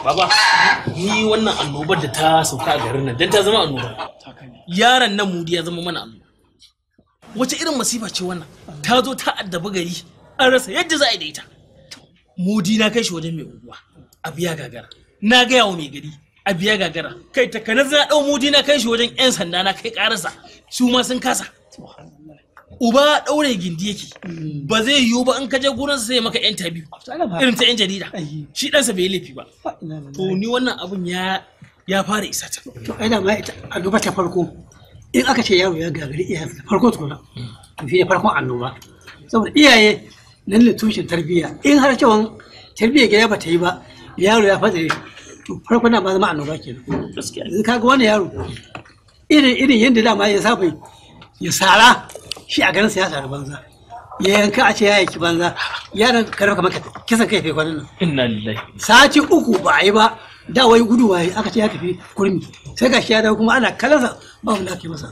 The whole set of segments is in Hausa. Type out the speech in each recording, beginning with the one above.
Baba, ni wannan annobar da ta sauka a garin nan, don ta zama annoba. Yaron nan mudi ya zama mana annoba. Wace irin masifa ce wannan? Ta zo ta addabi gari, an rasa yadda za a yi da ita. Mudi na kai shi wajen mai unguwa, a biya gagara. Na gaya wa mai gari, a biya gagara. Kai ta na ɗau mudi na kai shi wajen 'yan sanda na kai ƙararsa, su ma sun kasa. uba ɗaure gindi yake mm. ba zai yiwu ba in ka je gurin sai maka interview irin ta yan jarida shi ɗansa bai laifi ba to ni wannan abun ya ya fara isa ta to ai da ma a duba ta farko in aka ce yaro ya gagari iyaye farko tukuna to shi ne farkon annoba saboda iyaye nan le tushen tarbiyya in har cewa tarbiyya gida ba ta yi ba yaro ya fadare to farko na ba zama annoba kenan gaskiya kaga wani yaro irin irin yadda dama ya saba ya sara shi a ganin siyasa da banza ya yanka a ce ya yaki banza Ya yaran karfa kamar kisan kai fai kwanan nan inna lillahi sati uku ba a yi ba da wai gudu waye aka ce ya tafi kurmi sai ga shi ya dawo kuma ana kalansa ba wanda ake masa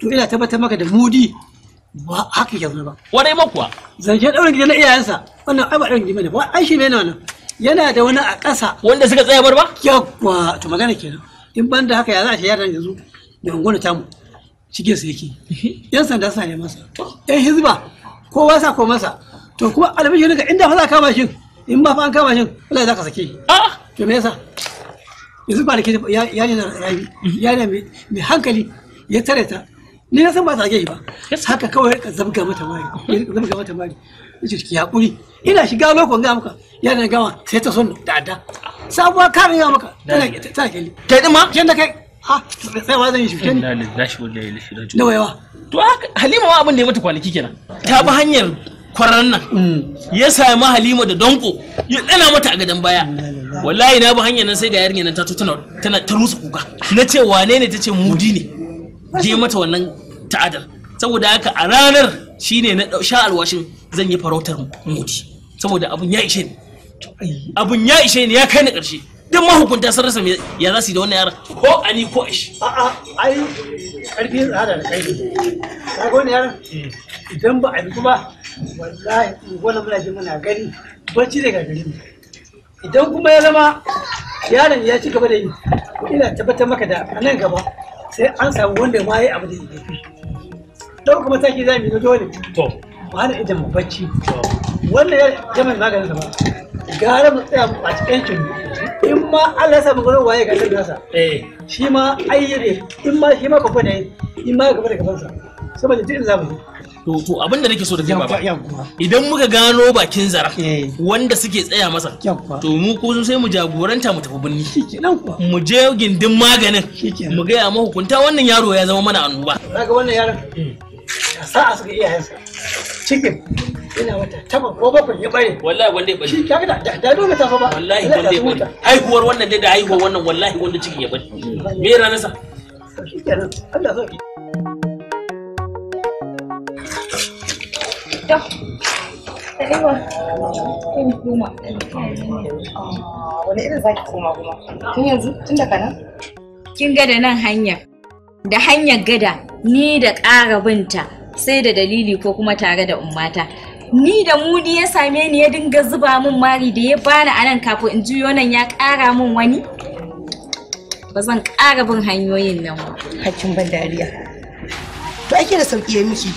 to ina tabbatar maka da mudi ba haka ke ba wani makuwa? kuwa zance daurin gida na iyayensa wannan ai ba daurin gida ne ba ai shi ne wannan yana da wani a ƙasa wanda suka tsaya barba? ba yawwa to magana kenan in da haka ya za a shi yaran yanzu da ungwana tamu cike su yake yan sanda suna neman sa yan hizba ko sa ko masa to kuma alamishin ka inda fa za kama shi in ba fa an kama shi wala za ka sake ah! to me yasa yanzu ba da ke ya ne rabi ya ne mai hankali ya tare ta ni na san ba zage ba haka kawai ka zabga mata mari ya zabga mata mari yace ki hakuri ina shiga lokon ga maka ya na gama sai ta son da sabuwa karin ya maka tana tana kelli kai din ma kin da kai ha sai ma zan yi shi inna lillahi wa inna ilaihi raji'un da waiwa to halima ma abin da ya mata kwanaki kenan ta bi hanyar kwararren nan mm. ya sami halima da danko ya tsana mata a gadon baya wallahi na bi hanyar nan sai ga yarinya nan ta tana ta rusa kuka na ce wane ne ta ce mudi ne je mata wannan ta'adar saboda haka a ranar shine na sha alwashin zan yi farautar mudi saboda abun ya ishe ni abun ya ishe ni ya kai ni karshe duk mahukunta sun rasa ya za su yi da wannan yaran ko ani ko ishi a'a ai karfi tsada da kai ka ga wannan yaran idan ba a bi kuma wallahi wannan muna ji muna gani bacci daga gari idan kuma ya zama yaron ya ci gaba da yi ina tabbatar maka da a nan gaba sai an samu wanda ma ya abu da ya fi kuma taki za mu yi na dole to ba na idan mu bacci wannan yaran yaron maganin sa ba gara mu tsaya mu a cikin cikin in ma Allah ya sa gudun waye ga san nasa eh shi ma ayyabe in ma shi ma kafa ne in ma kafa da kafansa saboda duk za mu to to abin da nake so da kai baba idan muka gano bakin zara eh. wanda suke tsaya masa to mu ko sai mu jagoranta mu tafi binni mu je gindin maganin mu ga ya mahukunta wannan yaro ya zama mana annoba kaga wannan yaron hmm. sa suka iya hansa cikin ina wata taba ko bakwai ya bare wallahi wanda ya bare shi kaga da da dole ta fa ba wallahi wanda ya bare haihuwar wannan dai da haihuwar wannan wallahi wanda cikin ya bare me yana nasa Allah zai Yo, te digo, in kuma. Ah, wani irin zaki koma kuma? Tun yanzu, tun daga nan? Kin gada nan hanya, da hanyar gada ni da ƙara binta sai da dalili ko kuma tare da ummata ni da mudi ya same ni ya dinga zuba min mari da ya bani a nan kafin in juyo nan ya ƙara min wani ba zan ƙara bin hanyoyin nan ba hakkin ban dariya to ake da sauki ya miki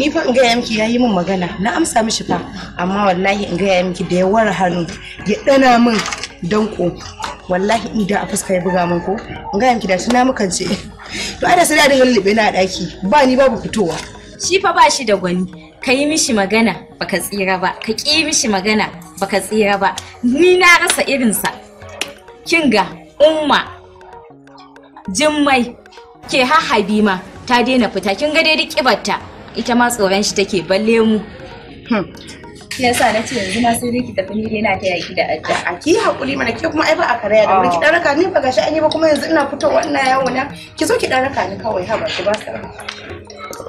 ni fa in gaya miki ya yi min magana na amsa mishi fa amma wallahi in gaya miki da ya wara hannu ya ɗana min danko wallahi in da a fuska ya buga min ko in gaya miki da tuna mukan ce to ada da sai da dinga lulluɓe na a ɗaki ba ni babu fitowa shi fa ba shi da gwani ka yi mishi magana baka tsira ba ka ƙi mishi magana baka tsira ba ni na rasa irinsa ga umma jimmai ke hahabi ma ta daina fita kin ga daidai kibarta ita ma tsoron shi take balle mu hmm. ya sa na ce yanzu ma sai dai ki tafi ni dai na ta yaki da adda? A ki hakuri mana ke kuma ai ba a karaya da wuri ki dan raka ni ba gashi an yi ba kuma yanzu ina fitowa ina yawo na ki zo ki dan raka ni kawai ha ba ki ba sa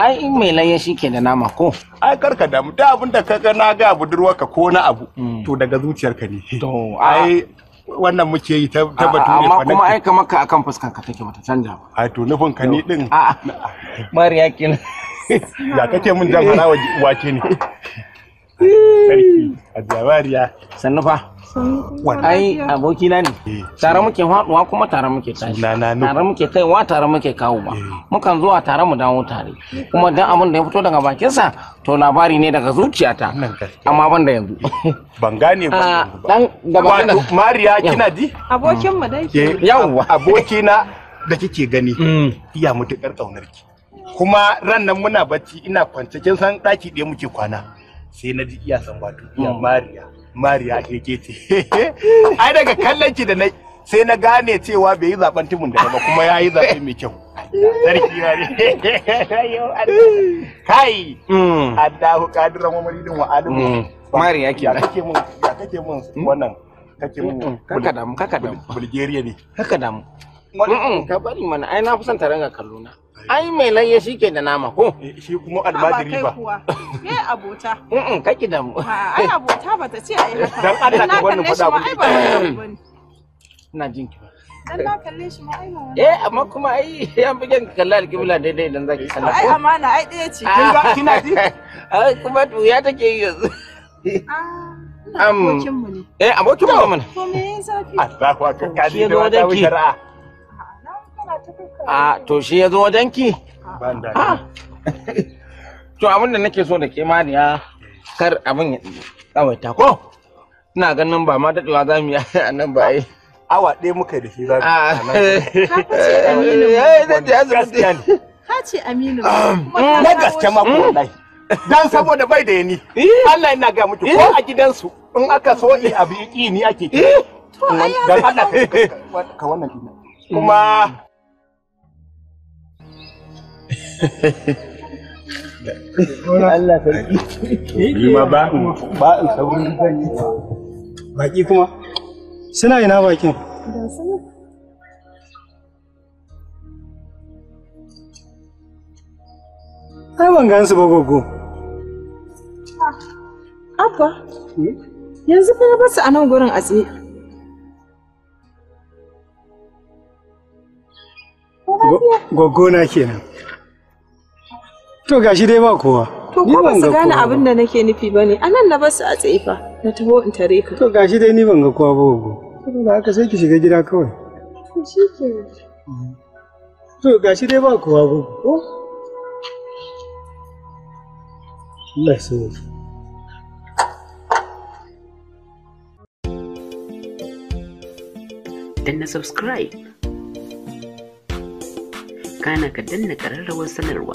ai in mai layya shi ke da nama ko ai karka damu da abin da ga na ga budurwarka ko na abu mm. to daga zuciyarka ne to ai wannan muke yi ta batu ne amma kuma ai kamar ka akan fuskan ka take mata canja ba ai to nufin ka ni din mariya kenan ya kake mun jan harawa wake ne sarki a jabariya sannu fa ai abokina eh, ne tare muke haɗuwa kuma tare muke tashi tare muke kaiwa tare muke kawo ba eh. mukan zuwa tare mu dawo tare kuma dan abin da ya fito daga bakinsa to labari ne daga zuciyata amma ban da yanzu ban gane ba ah, dan da ba mariya kina di abokin mu dai yawa abokina da kike gani mm. iya mutukar kaunar ki kuma ran nan muna bacci ina kwance kin san daki ɗaya muke kwana sai na ji iya san wato iya mm. mariya mariya ke ce, ai daga kallon ki da na sai na gane cewa bai yi zaben timin da ba kuma ya yi zaɓe mai kyau sarki ya ne kai mm. Allahu qadiran wa maridin wa alimu mm. mariya ke ya kake mun ya kake mun mm. wannan kake mun kaka damu kaka damu bulgaria ne kaka damu Mm ka bari mana ai na fi son ta ranga kallo na. Ai mai layya shi ke da nama ko? Eh, shi kuma almajiri ba. Ke abota. Mm kake da mu. Ai abota ba ta ce ai haka. Dan Allah ka wannan faɗa mun. Ina jin ki ba. Dan na kalle shi ma ai ma. Eh amma kuma ai yan bugen kalla alƙibla daidai idan zaki kalla. Ai amana ai ɗaya ce. Ah. Kin ga kina ji? Ai kuma tuya take yi yanzu. Ah, Am. mu ne. Eh abokinmu ne. To me ya zafi? Allah ka kaji da wata shari'a. a to shi ya zo wajen ki to abin da nake so da ke mariya kar abin ya tsawaita ko ina ganin ba ma daɗewa za mu yi a nan ba ai awa ɗaya muka da shi za mu yi ah. ka ce aminu ba. Eh, na gaske ma ko hmm. wallahi dan saboda bai da yani eh. Allah yana ga miki ko eh. a gidansu in aka so ni abi ni ake ki to ai ka wannan kuma Allah sarki. Ni ma ba in ba in saurin zan yi. Baki kuma suna ina bakin? Da sani. Ai ban gansu ba gogo. Ah, Abba. Hmm? Yanzu fa ba su a nan gurin a tsaye. Gogo na kenan. To gashi dai ba kowa. To ko ba su gane abin da nake nufi ba ne, nan na basu a tsaye fa, na taho in tare ka. To gashi dai ni ban ga kowa ba gogo. Saboda haka sai ki shiga gida kawai. To shi ke. To gashi dai ba kowa gogo. Allah ya sauke. danna subscribe kana ka danna ƙararrawar sanarwa